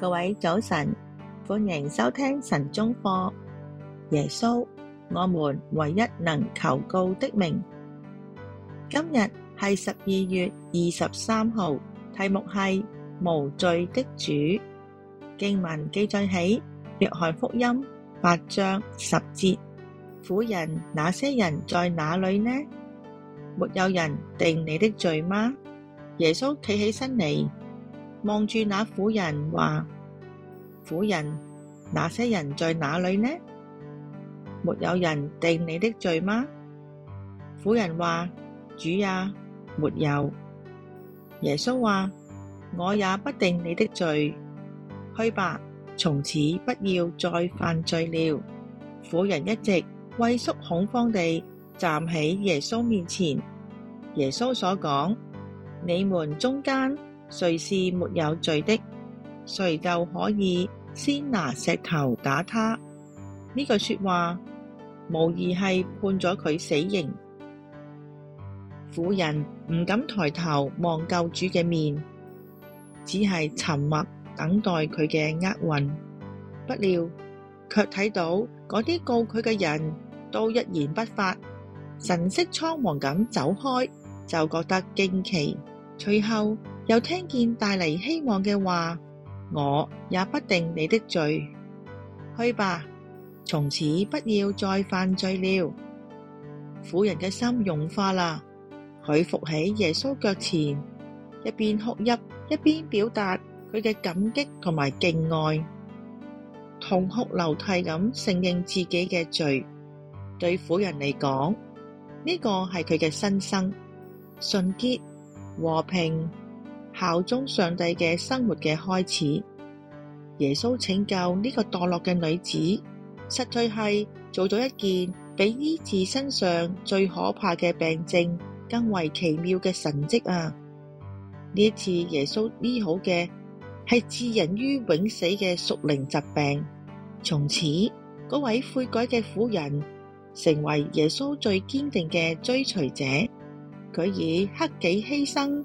各位早晨，歡迎收聽神中課。耶穌，我們唯一能求告的名。今日係十二月二十三號，題目係無罪的主。經文記載喺約翰福音八章十節：婦人，那些人在哪裏呢？沒有人定你的罪嗎？耶穌企起身嚟，望住那婦人話：婦人，那些人在哪裏呢？沒有人定你的罪嗎？婦人話：主呀，沒有。耶穌話：我也不定你的罪，去吧，從此不要再犯罪了。婦人一直畏縮恐慌地站喺耶穌面前。耶穌所講：你們中間。誰是沒有罪的，誰就可以先拿石頭打他呢？呢句說話無疑係判咗佢死刑。婦人唔敢抬頭望救主嘅面，只係沉默等待佢嘅厄運。不料卻睇到嗰啲告佢嘅人都一言不發，神色蒼皇咁走開，就覺得驚奇。最後，又聽見帶嚟希望嘅話，我也不定你的罪。去吧，從此不要再犯罪了。婦人嘅心融化啦，佢伏喺耶穌腳前，一邊哭泣，一邊表達佢嘅感激同埋敬愛。痛哭流涕咁承認自己嘅罪。對婦人嚟講，呢個係佢嘅新生，純潔和平，效忠上帝嘅生活嘅開始，耶穌拯救呢個墮落嘅女子，實在係做咗一件比醫治身上最可怕嘅病症更為奇妙嘅神蹟啊！呢一次耶穌醫好嘅係致人於永死嘅屬靈疾病，從此嗰位悔改嘅婦人成為耶穌最堅定嘅追隨者，佢以克己犧牲。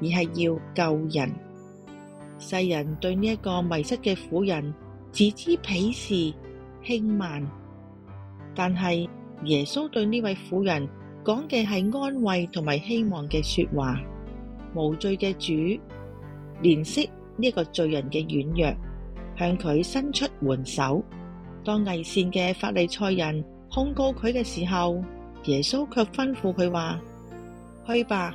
而係要救人，世人對呢一個迷失嘅婦人只知鄙視輕慢，但係耶穌對呢位婦人講嘅係安慰同埋希望嘅說話。無罪嘅主憐惜呢個罪人嘅軟弱，向佢伸出援手。當偽善嘅法利賽人控告佢嘅時候，耶穌卻吩咐佢話：去吧。